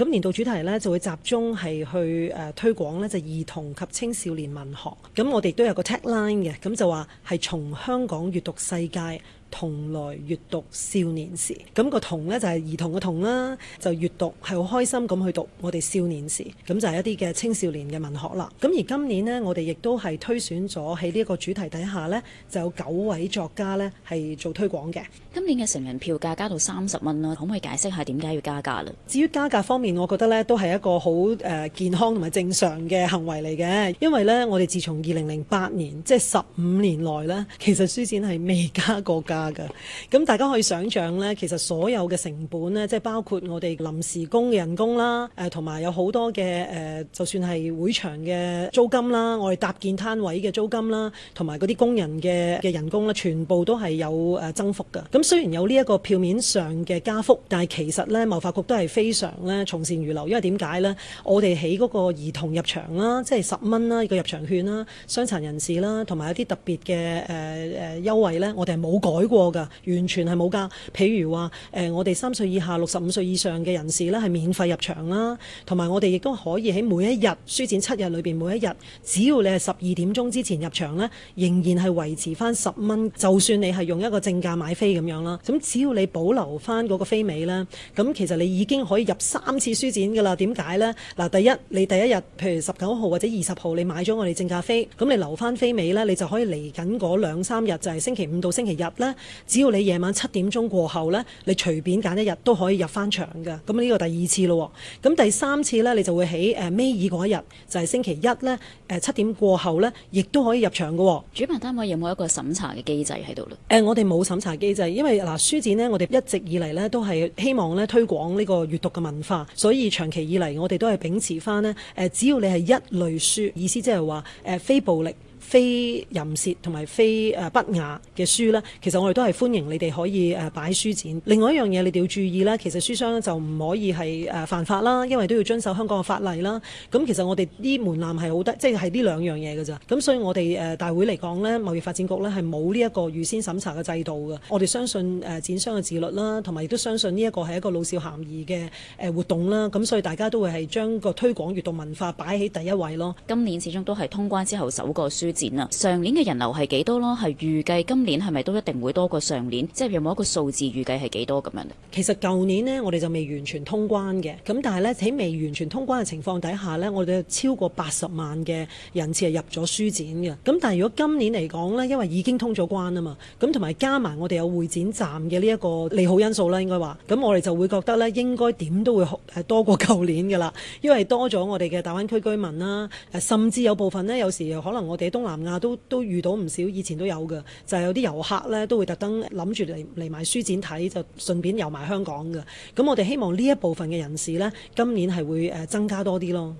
咁年度主題呢就會集中係去推廣呢就兒童及青少年文學，咁我哋都有個 tagline 嘅，咁就話係從香港閱讀世界。童來閱讀少年時，咁個童呢就係兒童嘅童啦，就閱讀係好開心咁去讀我哋少年時，咁就係一啲嘅青少年嘅文學啦。咁而今年呢，我哋亦都係推選咗喺呢一個主題底下呢，就有九位作家呢係做推廣嘅。今年嘅成人票價加到三十蚊啦，可唔可以解釋下點解要加價呢？至於加價方面，我覺得呢都係一個好誒健康同埋正常嘅行為嚟嘅，因為呢，我哋自從二零零八年，即係十五年內呢，其實書展係未加過價。咁大家可以想象呢，其實所有嘅成本呢，即係包括我哋臨時工嘅人工啦，同埋有好多嘅就算係會場嘅租金啦，我哋搭建攤位嘅租金啦，同埋嗰啲工人嘅嘅人工啦，全部都係有增幅㗎。咁雖然有呢一個票面上嘅加幅，但係其實呢，貿發局都係非常咧從善如流，因為點解呢？我哋起嗰個兒童入場啦，即係十蚊啦個入場券啦，傷殘人士啦，同埋有啲特別嘅誒誒優惠呢，我哋係冇改過過㗎，完全係冇價。譬如話，誒，我哋三歲以下、六十五歲以上嘅人士呢，係免費入場啦。同埋，我哋亦都可以喺每一日書展七日裏邊，每一日只要你係十二點鐘之前入場呢，仍然係維持翻十蚊，就算你係用一個正價買飛咁樣啦。咁只要你保留翻嗰個飛尾呢，咁其實你已經可以入三次書展㗎啦。點解呢？嗱，第一，你第一日譬如十九號或者二十號你買咗我哋正價飛，咁你留翻飛尾呢，你就可以嚟緊嗰兩三日，就係星期五到星期日呢。只要你夜晚七點鐘過後呢，你隨便揀一日都可以入翻場嘅。咁呢個第二次咯。咁第三次呢，你就會喺誒尾二嗰一日，就係、是、星期一呢，誒七點過後呢，亦都可以入場嘅。主辦單位有冇一個審查嘅機制喺度呢？誒、呃，我哋冇審查機制，因為嗱、呃、書展呢，我哋一直以嚟呢，都係希望呢，推廣呢個閱讀嘅文化，所以長期以嚟我哋都係秉持翻呢，誒、呃，只要你係一類書，意思即係話誒非暴力。非淫褻同埋非誒不雅嘅書呢，其實我哋都係歡迎你哋可以誒擺書展。另外一樣嘢你哋要注意啦。其實書商咧就唔可以係誒犯法啦，因為都要遵守香港嘅法例啦。咁其實我哋啲門檻係好得，即係係呢兩樣嘢㗎咋。咁所以我哋誒大會嚟講呢，貿易發展局呢係冇呢一個預先審查嘅制度㗎。我哋相信誒展商嘅自律啦，同埋亦都相信呢一個係一個老少咸宜嘅誒活動啦。咁所以大家都會係將個推廣閲讀文化擺喺第一位咯。今年始終都係通關之後首個書展上年嘅人流係幾多咯？係預計今年係咪都一定會多過上年？即係有冇一個數字預計係幾多咁樣咧？其實舊年呢，我哋就未完全通關嘅。咁但係呢，喺未完全通關嘅情況底下呢，我哋超過八十萬嘅人次係入咗書展嘅。咁但係如果今年嚟講呢，因為已經通咗關啊嘛，咁同埋加埋我哋有會展站嘅呢一個利好因素啦，應該話，咁我哋就會覺得呢應該點都會多過舊年噶啦。因為多咗我哋嘅大灣區居民啦，甚至有部分呢，有時可能我哋都東南亞都都遇到唔少，以前都有嘅，就係有啲遊客咧都會特登諗住嚟嚟埋書展睇，就順便遊埋香港嘅。咁我哋希望呢一部分嘅人士咧，今年係會誒增加多啲咯。